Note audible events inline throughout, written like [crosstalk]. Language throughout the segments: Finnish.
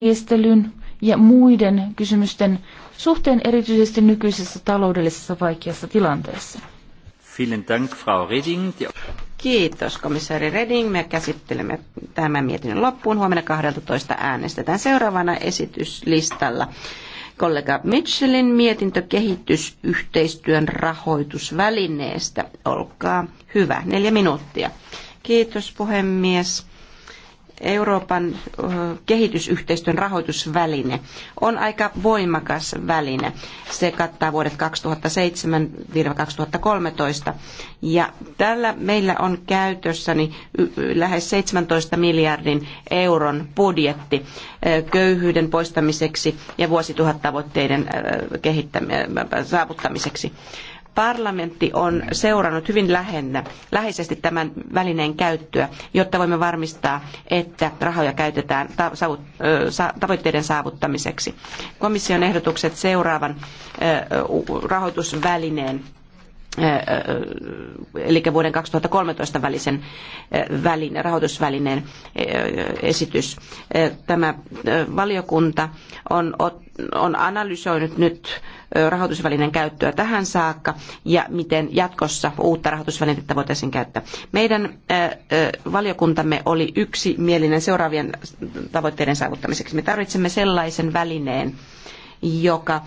järjestelyn ja muiden kysymysten suhteen erityisesti nykyisessä taloudellisessa vaikeassa tilanteessa. Kiitos komissaari Reding. Me käsittelemme tämän mietinnön loppuun. Huomenna 12 äänestetään seuraavana esityslistalla. Kollega Mitchellin mietintö kehitysyhteistyön rahoitusvälineestä. Olkaa hyvä. Neljä minuuttia. Kiitos puhemies. Euroopan kehitysyhteistyön rahoitusväline on aika voimakas väline. Se kattaa vuodet 2007-2013 ja tällä meillä on käytössäni lähes 17 miljardin euron budjetti köyhyyden poistamiseksi ja vuosituhattavoitteiden saavuttamiseksi. Parlamentti on seurannut hyvin lähennä, läheisesti tämän välineen käyttöä, jotta voimme varmistaa, että rahoja käytetään tavoitteiden saavuttamiseksi. Komission ehdotukset seuraavan rahoitusvälineen eli vuoden 2013 välisen välin, rahoitusvälineen esitys. Tämä valiokunta on, on analysoinut nyt rahoitusvälineen käyttöä tähän saakka ja miten jatkossa uutta rahoitusvälinettä voitaisiin käyttää. Meidän valiokuntamme oli yksimielinen seuraavien tavoitteiden saavuttamiseksi. Me tarvitsemme sellaisen välineen, joka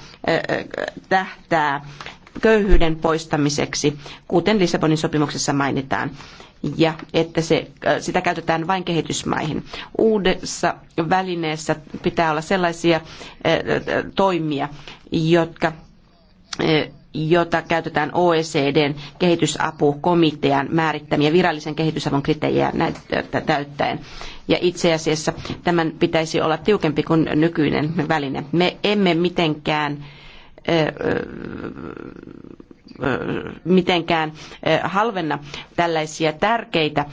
tähtää köyhyyden poistamiseksi, kuten Lissabonin sopimuksessa mainitaan ja että se, äh, sitä käytetään vain kehitysmaihin. Uudessa välineessä pitää olla sellaisia äh, äh, toimia, jotka jota käytetään OECDn kehitysapukomitean määrittämiä virallisen kehitysavun kriteerejä täyttäen. Ja itse asiassa tämän pitäisi olla tiukempi kuin nykyinen väline. Me emme mitenkään mitenkään halvenna tällaisia tärkeitä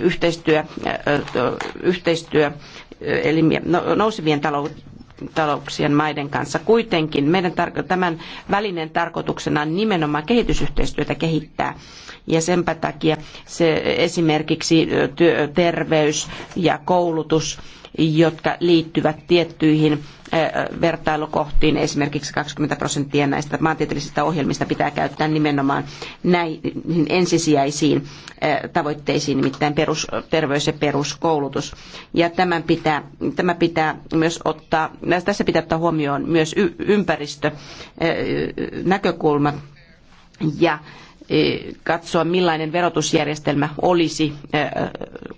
yhteistyö, yhteistyö eli no, nousevien talouksien maiden kanssa. Kuitenkin meidän tämän välineen tarkoituksena on nimenomaan kehitysyhteistyötä kehittää. Ja senpä takia se esimerkiksi terveys ja koulutus jotka liittyvät tiettyihin vertailukohtiin. Esimerkiksi 20 prosenttia näistä maantieteellisistä ohjelmista pitää käyttää nimenomaan näihin ensisijaisiin tavoitteisiin, nimittäin perusterveys ja peruskoulutus. Ja tämän pitää, tämä pitää myös ottaa tässä pitää ottaa huomioon myös y- ympäristönäkökulma e, ja e, katsoa, millainen verotusjärjestelmä olisi e,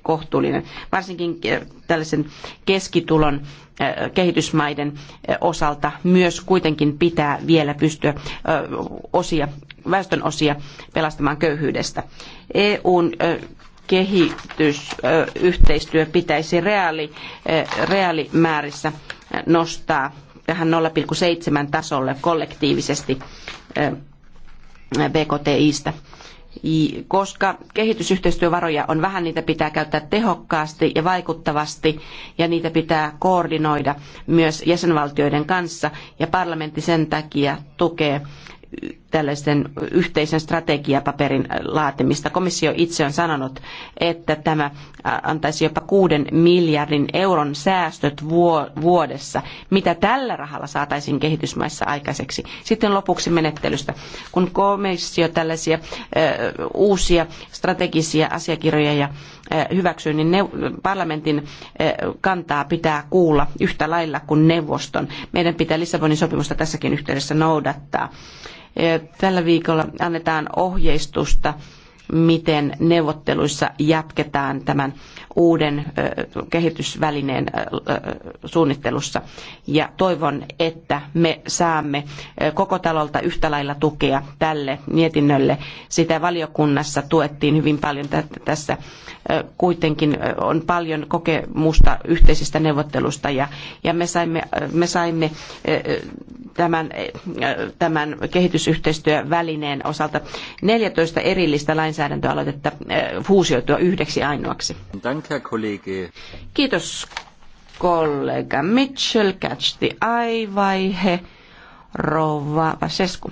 kohtuullinen, varsinkin tällaisen keskitulon kehitysmaiden osalta myös kuitenkin pitää vielä pystyä osia, väestön osia pelastamaan köyhyydestä. EUn kehitysyhteistyö pitäisi reaali, reaalimäärissä nostaa tähän 0,7 tasolle kollektiivisesti BKTIstä. Koska kehitysyhteistyövaroja on vähän, niitä pitää käyttää tehokkaasti ja vaikuttavasti ja niitä pitää koordinoida myös jäsenvaltioiden kanssa ja parlamentti sen takia tukee tällaisen yhteisen strategiapaperin laatimista. Komissio itse on sanonut, että tämä antaisi jopa kuuden miljardin euron säästöt vuodessa, mitä tällä rahalla saataisiin kehitysmaissa aikaiseksi. Sitten lopuksi menettelystä. Kun komissio tällaisia uusia strategisia asiakirjoja ja hyväksyy, niin parlamentin kantaa pitää kuulla yhtä lailla kuin neuvoston. Meidän pitää Lissabonin sopimusta tässäkin yhteydessä noudattaa Eh, tällä viikolla annetaan ohjeistusta, miten neuvotteluissa jatketaan tämän uuden eh, kehitysvälineen eh, suunnittelussa. Ja toivon, että me saamme koko talolta yhtä lailla tukea tälle mietinnölle. Sitä valiokunnassa tuettiin hyvin paljon. Tässä kuitenkin on paljon kokemusta yhteisistä neuvottelusta ja, ja me saimme, me saimme tämän, tämän kehitysyhteistyövälineen osalta 14 erillistä lainsäädäntöaloitetta eh, fuusioitua yhdeksi ainoaksi. Kiitos kollega Mitchell, Catch the Eye-vaihe, Rova Vasescu.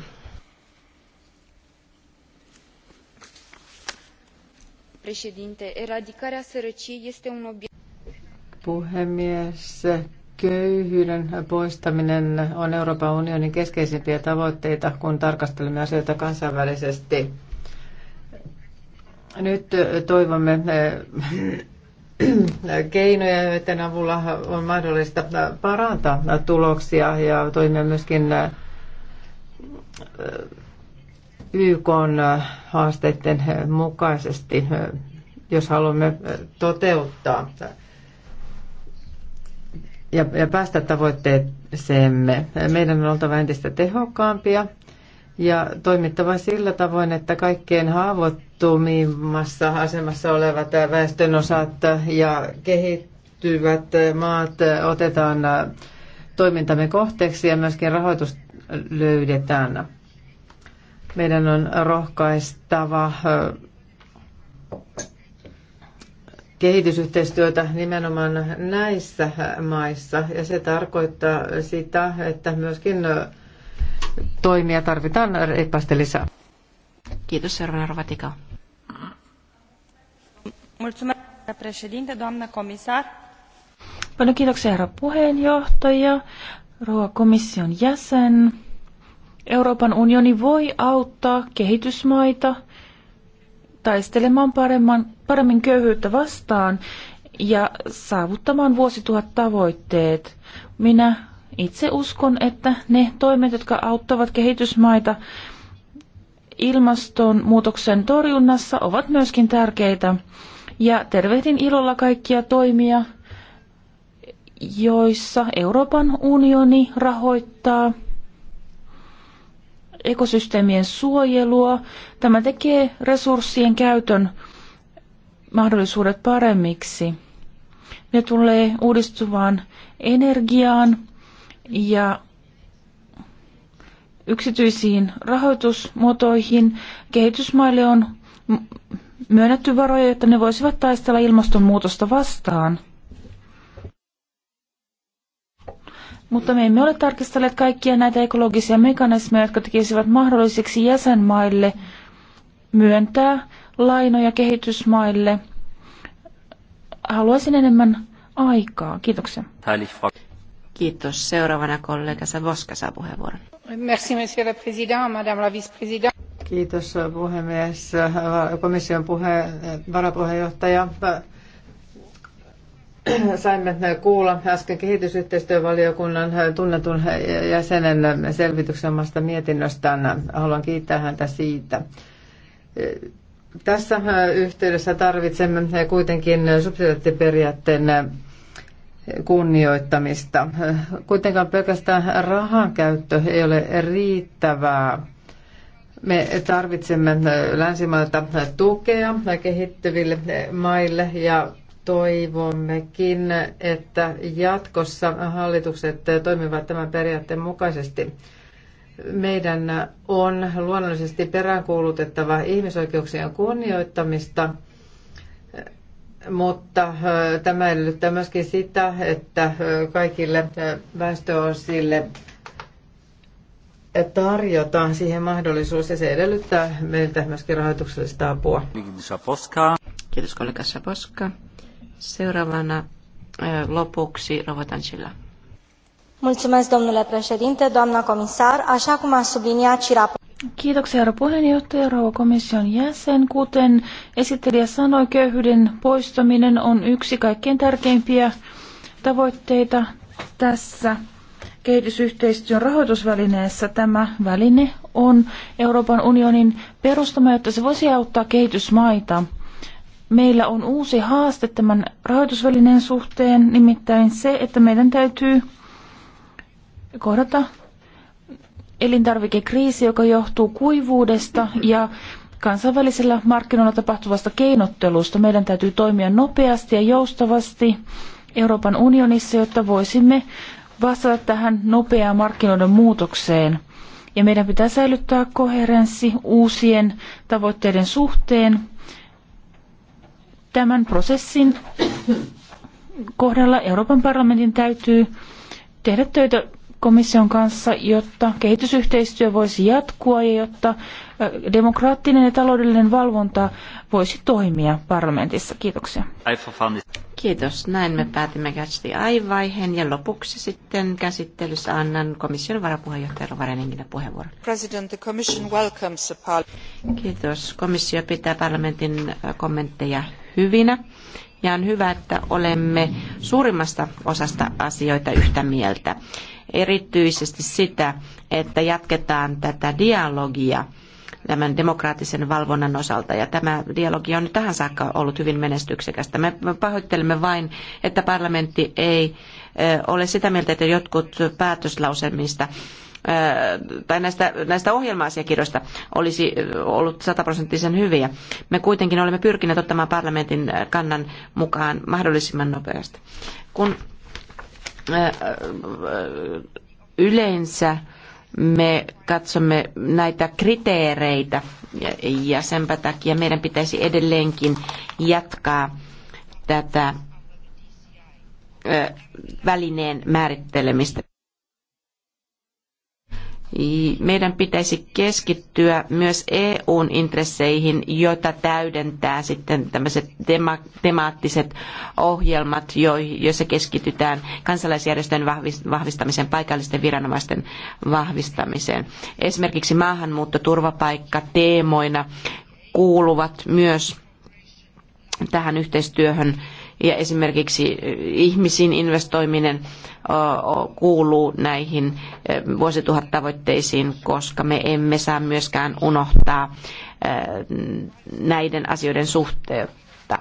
eradicarea sărăciei este un Puhemies, Köyhyyden poistaminen on Euroopan unionin keskeisimpiä tavoitteita, kun tarkastelemme asioita kansainvälisesti. Nyt toivomme äh, [clears throat] keinoja, joiden avulla on mahdollista parantaa tuloksia ja toimia myöskin äh, YK äh, haasteiden mukaisesti, jos haluamme toteuttaa ja, ja päästä tavoitteeseemme. Meidän on oltava entistä tehokkaampia ja toimittava sillä tavoin, että kaikkein haavoittumimmassa asemassa olevat väestönosat ja kehittyvät maat otetaan toimintamme kohteeksi ja myöskin rahoitus löydetään. Meidän on rohkaistava kehitysyhteistyötä nimenomaan näissä maissa. Ja se tarkoittaa sitä, että myöskin toimia tarvitaan reippaasti lisää. Kiitos, seuraavana Rovatika. Paljon kiitoksia, herra puheenjohtaja, rouva komission jäsen. Euroopan unioni voi auttaa kehitysmaita – taistelemaan paremman, paremmin köyhyyttä vastaan ja saavuttamaan vuosituhat tavoitteet. Minä itse uskon, että ne toimet, jotka auttavat kehitysmaita ilmastonmuutoksen torjunnassa, ovat myöskin tärkeitä. Ja tervehdin ilolla kaikkia toimia, joissa Euroopan unioni rahoittaa ekosysteemien suojelua. Tämä tekee resurssien käytön mahdollisuudet paremmiksi. Ne tulee uudistuvaan energiaan ja yksityisiin rahoitusmuotoihin. Kehitysmaille on myönnetty varoja, jotta ne voisivat taistella ilmastonmuutosta vastaan – mutta me emme ole tarkistelleet kaikkia näitä ekologisia mekanismeja, jotka tekisivät mahdolliseksi jäsenmaille myöntää lainoja kehitysmaille. Haluaisin enemmän aikaa. Kiitoksia. Kiitos. Seuraavana kollega Savoska saa puheenvuoron. Merci, monsieur le président, madame la vice-présidente. Kiitos puhemies, komission puhe, varapuheenjohtaja saimme kuulla äsken kehitysyhteistyövaliokunnan tunnetun jäsenen selvityksen omasta mietinnöstään. Haluan kiittää häntä siitä. Tässä yhteydessä tarvitsemme kuitenkin subsidiaattiperiaatteen kunnioittamista. Kuitenkaan pelkästään rahan käyttö ei ole riittävää. Me tarvitsemme länsimailta tukea kehittyville maille ja toivommekin, että jatkossa hallitukset toimivat tämän periaatteen mukaisesti. Meidän on luonnollisesti peräänkuulutettava ihmisoikeuksien kunnioittamista, mutta äh, tämä edellyttää myöskin sitä, että äh, kaikille äh, väestöosille tarjotaan siihen mahdollisuus ja se edellyttää meiltä myöskin rahoituksellista apua. Kiitos kollega Saposka. Seuraavana lopuksi Rovotancilla. Mulțumesc, domnule președinte, doamna comisar. Așa cum a subliniat și raportul. Kiitoksia, herra puheenjohtaja, rouva komission jäsen. Kuten esittelijä sanoi, köyhyyden poistaminen on yksi kaikkein tärkeimpiä tavoitteita tässä kehitysyhteistyön rahoitusvälineessä. Tämä väline on Euroopan unionin perustama, jotta se voisi auttaa kehitysmaita meillä on uusi haaste tämän rahoitusvälineen suhteen, nimittäin se, että meidän täytyy kohdata elintarvikekriisi, joka johtuu kuivuudesta ja kansainvälisellä markkinoilla tapahtuvasta keinottelusta. Meidän täytyy toimia nopeasti ja joustavasti Euroopan unionissa, jotta voisimme vastata tähän nopeaan markkinoiden muutokseen. Ja meidän pitää säilyttää koherenssi uusien tavoitteiden suhteen Tämän prosessin kohdalla Euroopan parlamentin täytyy tehdä töitä komission kanssa, jotta kehitysyhteistyö voisi jatkua ja jotta demokraattinen ja taloudellinen valvonta voisi toimia parlamentissa. Kiitoksia. Kiitos. Näin me päätimme käsitellä aivaiheen ja lopuksi sitten käsittelyssä annan komission varapuheenjohtaja Rovareningille puheenvuoron. President, the commission welcomes the Kiitos. Komissio pitää parlamentin kommentteja hyvinä ja on hyvä, että olemme suurimmasta osasta asioita yhtä mieltä. Erityisesti sitä, että jatketaan tätä dialogia tämän demokraattisen valvonnan osalta. Ja tämä dialogi on tähän saakka ollut hyvin menestyksekästä. Me pahoittelemme vain, että parlamentti ei ole sitä mieltä, että jotkut päätöslauselmista tai näistä, näistä ohjelma-asiakirjoista olisi ollut sataprosenttisen hyviä. Me kuitenkin olemme pyrkineet ottamaan parlamentin kannan mukaan mahdollisimman nopeasti. Kun yleensä me katsomme näitä kriteereitä ja senpä takia meidän pitäisi edelleenkin jatkaa tätä välineen määrittelemistä. Meidän pitäisi keskittyä myös EUn intresseihin, joita täydentää sitten tämmöiset tema- temaattiset ohjelmat, joissa keskitytään kansalaisjärjestöjen vahvistamiseen, paikallisten viranomaisten vahvistamiseen. Esimerkiksi maahanmuutto, turvapaikka teemoina kuuluvat myös tähän yhteistyöhön ja esimerkiksi ihmisiin investoiminen kuuluu näihin vuosituhattavoitteisiin, koska me emme saa myöskään unohtaa näiden asioiden suhteutta,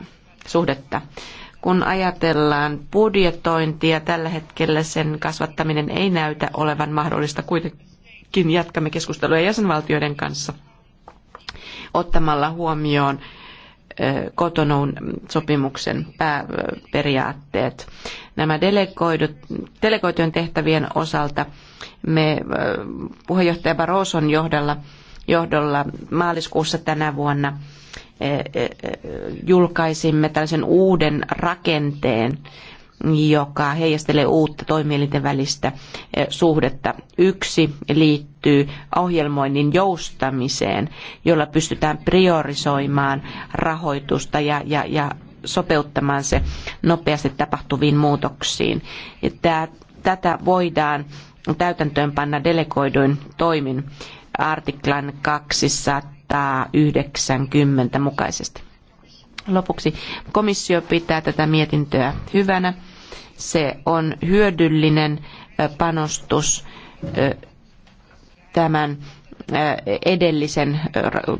suhdetta. Kun ajatellaan budjetointia, tällä hetkellä sen kasvattaminen ei näytä olevan mahdollista. Kuitenkin jatkamme keskustelua jäsenvaltioiden kanssa ottamalla huomioon kotonoun sopimuksen pääperiaatteet. Nämä delegoitujen tehtävien osalta me puheenjohtaja Barroson johdolla, johdolla maaliskuussa tänä vuonna julkaisimme tällaisen uuden rakenteen joka heijastelee uutta toimielinten välistä eh, suhdetta. Yksi liittyy ohjelmoinnin joustamiseen, jolla pystytään priorisoimaan rahoitusta ja, ja, ja sopeuttamaan se nopeasti tapahtuviin muutoksiin. tää, tätä voidaan täytäntöönpanna delegoiduin toimin artiklan 290 mukaisesti. Lopuksi komissio pitää tätä mietintöä hyvänä se on hyödyllinen panostus tämän edellisen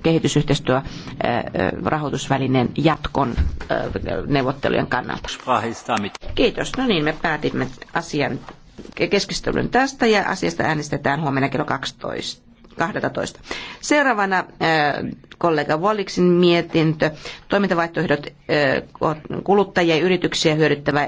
kehitysyhteistyörahoitusvälineen jatkon neuvottelujen kannalta. Kiitos. No niin, me päätimme asian keskustelun tästä ja asiasta äänestetään huomenna kello 12. 12. Seuraavana kollega Walliksin mietintö, toimintavaihtoehdot kuluttajia ja yrityksiä hyödyttävä